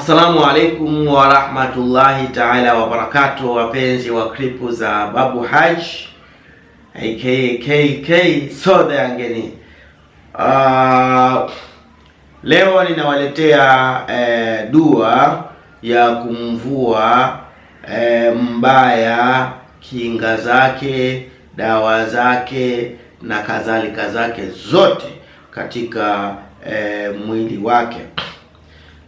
Assalamu alaikum warahmatullahi taala wabarakatu, wapenzi wa klipu za Babu haj aka KK soda yangeni. Uh, leo ninawaletea eh, dua ya kumvua eh, mbaya kinga zake, dawa zake na kadhalika zake zote katika eh, mwili wake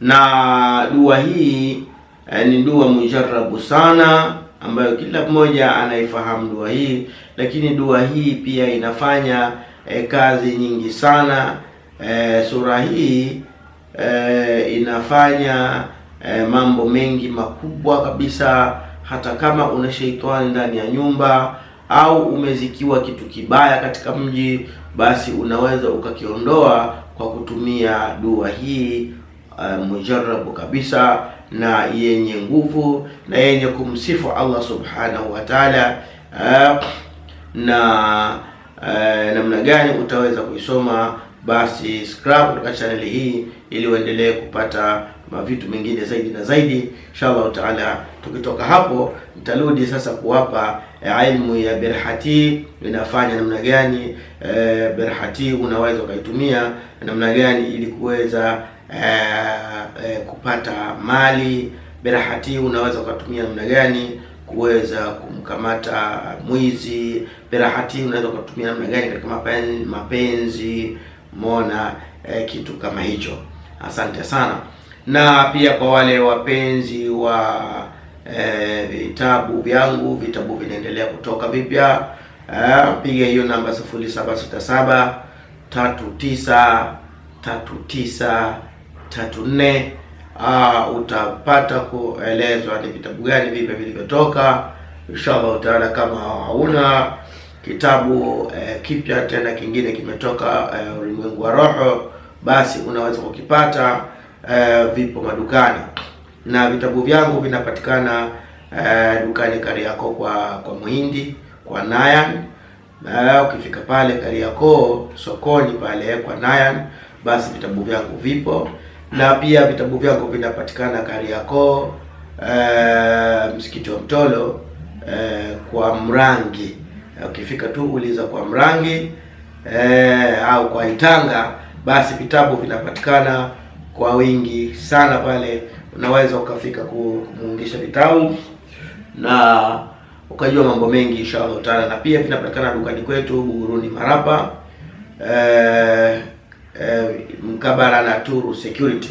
na dua hii eh, ni dua mujarabu sana ambayo kila mmoja anaifahamu dua hii, lakini dua hii pia inafanya eh, kazi nyingi sana eh, sura hii eh, inafanya eh, mambo mengi makubwa kabisa. Hata kama una sheitani ndani ya nyumba au umezikiwa kitu kibaya katika mji, basi unaweza ukakiondoa kwa kutumia dua hii. Eh, mujarabu kabisa na yenye nguvu na yenye kumsifu Allah subhanahu wa ta'ala. Eh, na eh, namna gani utaweza kuisoma? Basi subscribe katika chaneli hii ili uendelee kupata mavitu mengine zaidi na zaidi, inshallah taala. Tukitoka hapo, nitarudi sasa kuwapa ilmu ya berhati inafanya namna gani. E, berhati unaweza ukaitumia namna gani ili kuweza eh, eh, kupata mali. Berahati unaweza ukatumia namna gani kuweza kumkamata mwizi. Berahati unaweza ukatumia namna gani katika mapenzi, mapenzi mona eh, kitu kama hicho. Asante sana, na pia kwa wale wapenzi wa eh, vitabu vyangu, vitabu vinaendelea kutoka vipya. Eh, piga hiyo namba sifuri saba sita saba tatu tisa tatu tisa tatu nne uh, utapata kuelezwa ni vitabu gani vipi vilivyotoka inshallah utaona kama hauna kitabu eh, kipya tena kingine kimetoka eh, ulimwengu wa roho basi unaweza kukipata eh, vipo madukani na vitabu vyangu vinapatikana eh, dukani Kariakoo kwa kwa Muhindi kwa Nayan na eh, ukifika pale Kariakoo sokoni pale kwa Nayan basi vitabu vyangu vipo na pia vitabu vyako vinapatikana Kariakoo, e, msikiti wa Mtolo, e, eh, kwa Mrangi. Ukifika tu uliza kwa Mrangi e, eh, au kwa Itanga, basi vitabu vinapatikana kwa wingi sana pale. Unaweza ukafika kumuungisha vitabu na ukajua mambo mengi inshallah taala, na pia vinapatikana dukani kwetu Buguruni marapa e, eh, mkabala na Turu Security.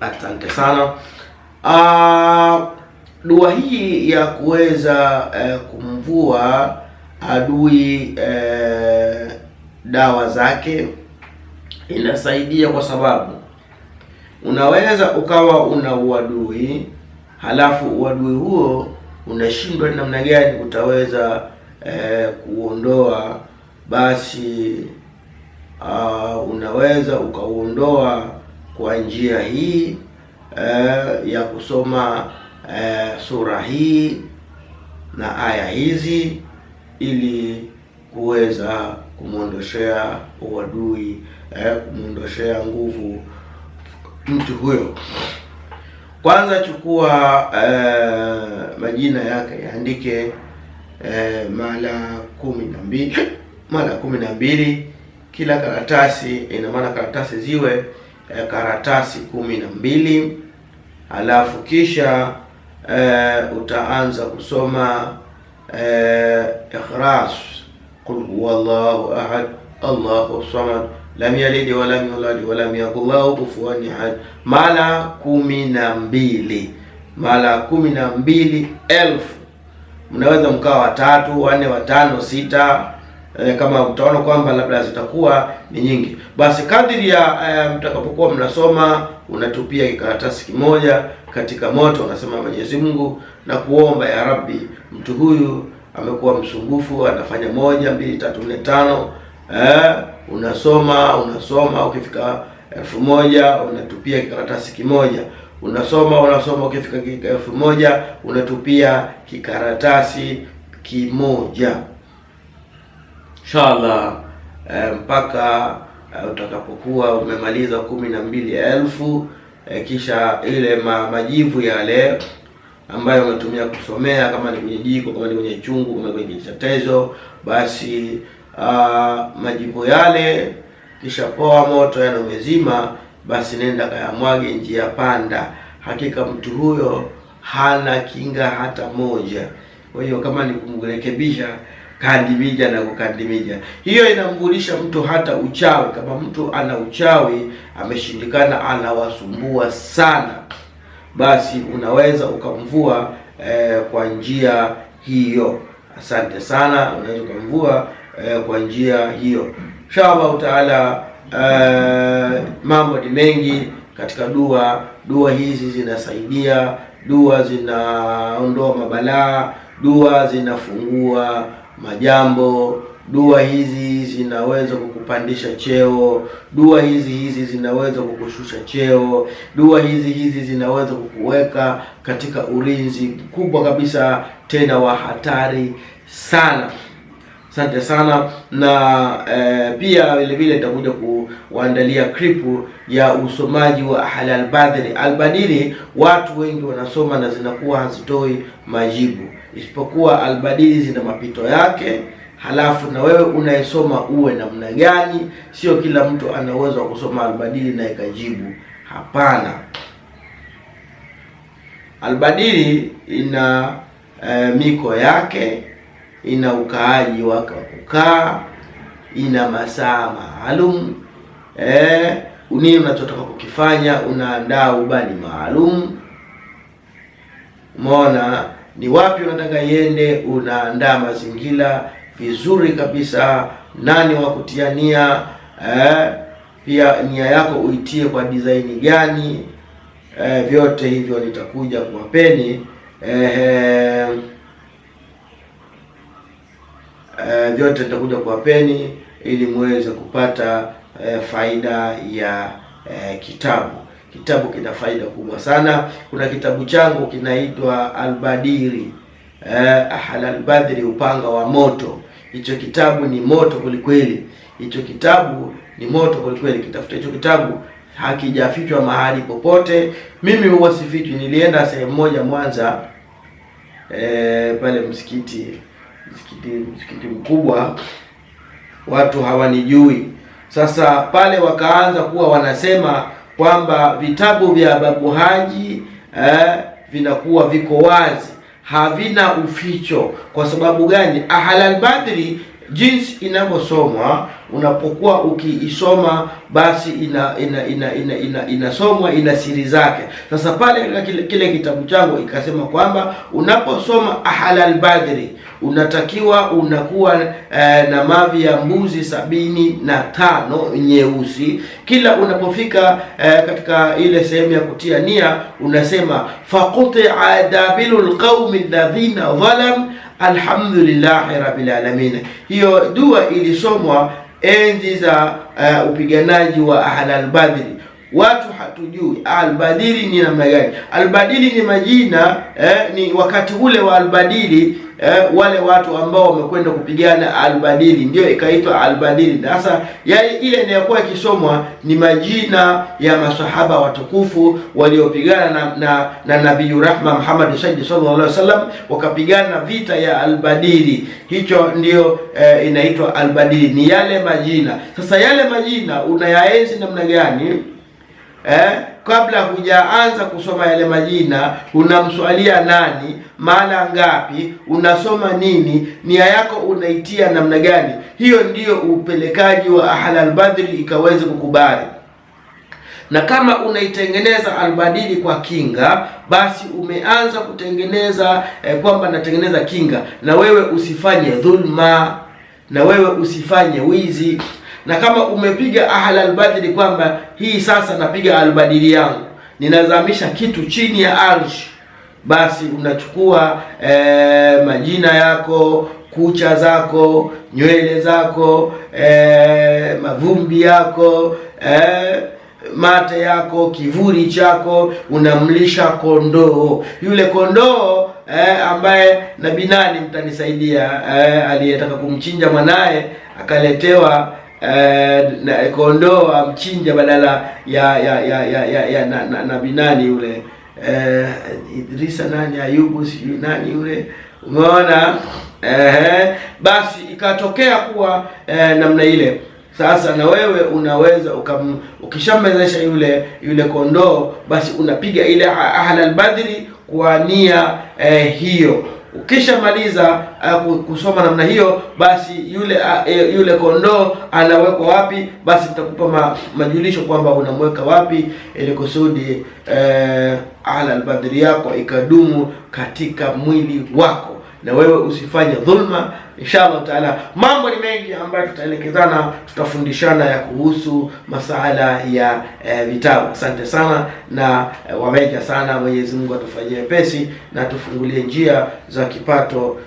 Asante sana. Ah, dua hii ya kuweza eh, kumvua adui eh, dawa zake inasaidia kwa sababu unaweza ukawa una uadui halafu uadui huo unashindwa namna gani utaweza eh, kuondoa basi uh, unaweza ukauondoa kwa njia hii uh, ya kusoma uh, sura hii na aya hizi ili kuweza kumwondoshea uadui eh, kumwondoshea nguvu mtu huyo. Kwanza chukua eh, majina yake, yaandike eh, mara kumi na mbili mara kumi na mbili kila karatasi, ina maana karatasi ziwe eh, karatasi kumi na mbili alafu kisha eh, utaanza kusoma eh, ikhras qul huwallahu ahad allahu samad lam yalid wa lam yulad wa lam yakul lahu kufuwan ahad mara kumi na mbili mara kumi na mbili elfu mnaweza mkawa watatu wanne watano sita e, kama utaona kwamba labda zitakuwa ni nyingi, basi kadiri ya e, mtakapokuwa mnasoma unatupia kikaratasi kimoja katika moto, unasema Mwenyezi Mungu na kuomba, ya Rabbi, mtu huyu amekuwa msumbufu, anafanya moja mbili tatu nne tano. Eh, unasoma unasoma, ukifika elfu moja unatupia kikaratasi kimoja unasoma unasoma, ukifika elfu moja unatupia kikaratasi kimoja inshallah e, mpaka e, utakapokuwa umemaliza kumi na mbili elfu eh, kisha ile ma, majivu yale ambayo umetumia kusomea, kama ni kwenye jiko, kama ni kwenye chungu, kama ni kwenye chatezo basi uh, majivu yale kisha poa moto yana umezima, basi nenda kayamwage njia panda. Hakika mtu huyo hana kinga hata moja. Kwa hiyo kama ni kumrekebisha kandimija na kukandimija. Hiyo inamgulisha mtu hata uchawi. Kama mtu ana uchawi ameshindikana, anawasumbua sana, basi unaweza ukamvua eh, kwa njia hiyo. Asante sana, unaweza ukamvua eh, kwa njia hiyo. Inshallah taala. Eh, mambo ni mengi katika dua. Dua hizi zinasaidia, dua zinaondoa mabalaa Dua zinafungua majambo, dua hizi zinaweza kukupandisha cheo, dua hizi hizi zinaweza kukushusha cheo, dua hizi hizi zinaweza kukuweka katika ulinzi mkubwa kabisa, tena wa hatari sana. Asante sana na e, pia vile vile nitakuja kuandalia kripu ya usomaji wa halal badhiri albadili. Watu wengi wanasoma na zinakuwa hazitoi majibu, isipokuwa albadili zina mapito yake. Halafu na wewe unayesoma uwe namna gani? Sio kila mtu ana uwezo wa kusoma albadili na ikajibu. Hapana, albadili ina e, miko yake ina ukaaji wake wa kukaa, ina masaa maalum eh, nini unachotaka kukifanya, unaandaa ubani maalum. Umeona ni wapi unataka iende, unaandaa mazingira vizuri kabisa, nani wa kutiania eh, pia nia yako uitie kwa design gani eh, vyote hivyo nitakuja kuwapeni eh, uh, vyote nitakuja kuwapeni ili muweze kupata uh, faida ya uh, kitabu. Kitabu kina faida kubwa sana. Kuna kitabu changu kinaitwa Albadiri uh, Ahlalbadri, upanga wa moto. Hicho kitabu ni moto kwelikweli, hicho kitabu ni moto kwelikweli. Kitafuta hicho kitabu hakijafichwa mahali popote. Mimi huwa sifichwi. Nilienda sehemu moja Mwanza, e, pale msikiti msikiti msikiti mkubwa, watu hawanijui. Sasa pale wakaanza kuwa wanasema kwamba vitabu vya Babu Haji eh, vinakuwa viko wazi, havina uficho. Kwa sababu gani? Badri jinsi inavyosomwa unapokuwa ukiisoma basi ina ina ina ina inasomwa ina, ina siri zake. Sasa pale kile, kile kitabu changu ikasema kwamba unaposoma ahalal badri unatakiwa unakuwa eh, na mavi ya mbuzi sabini na tano nyeusi. Kila unapofika eh, katika ile sehemu ya kutia nia unasema faqutia dabilul qaumi alladhina dhalam alhamdulillahi rabbil alamin. Hiyo dua ilisomwa enzi za uh, upiganaji wa Ahlalbadri. Watu hatujui Albadiri ni namna gani. Albadiri ni majina eh, ni wakati ule wa Albadiri eh, wale watu ambao wamekwenda kupigana Albadili, ndio ikaitwa Albadili. Sasa yale ile inayokuwa ikisomwa ni majina ya masahaba watukufu waliopigana na, na, na Nabii Rahma Muhammad sallallahu alaihi wasallam wakapigana vita ya Albadili. Hicho ndiyo eh, inaitwa Albadili, ni yale majina. Sasa yale majina unayaenzi namna gani? eh, kabla hujaanza kusoma yale majina, unamswalia nani, mara ngapi, unasoma nini, nia yako unaitia namna gani? Hiyo ndiyo upelekaji wa Ahlal Badri ikaweze kukubali na kama unaitengeneza albadili kwa kinga, basi umeanza kutengeneza eh, kwamba natengeneza kinga, na wewe usifanye dhulma, na wewe usifanye wizi na kama umepiga ahla albadili kwamba hii sasa napiga albadili yangu ninazamisha kitu chini ya arsh, basi unachukua e, majina yako, kucha zako, nywele zako, e, mavumbi yako, e, mate yako, kivuli chako, unamlisha kondoo. Yule kondoo eh, ambaye nabii nani mtanisaidia, eh, aliyetaka kumchinja mwanaye akaletewa eh, kondoo amchinja badala ya ya ya, ya, ya, ya na, na, na binani yule eh, Idrisa nani Ayubu sijui nani yule umeona eh, basi ikatokea kuwa eh, namna ile sasa na wewe unaweza ukam, ukishamwezesha yule yule kondoo basi unapiga ile ahlal badri kwa nia eh, hiyo Ukishamaliza uh, kusoma namna hiyo, basi yule uh, yule kondoo anawekwa wapi? Basi nitakupa ma, majulisho kwamba unamweka wapi ili kusudi uh, ala yako ikadumu katika mwili wako na wewe usifanye dhulma. Inshallah taala, mambo ni mengi ambayo tutaelekezana, tutafundishana ya kuhusu masala ya e, vitabu. Asante sana na e, wameja sana. Mwenyezi Mungu atufanyie wepesi na tufungulie njia za kipato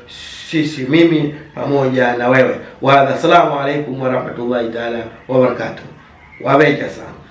sisi, mimi pamoja na wewe. Wa hadha, assalamu alaikum warahmatullahi taala wabarakatu Wameja sana.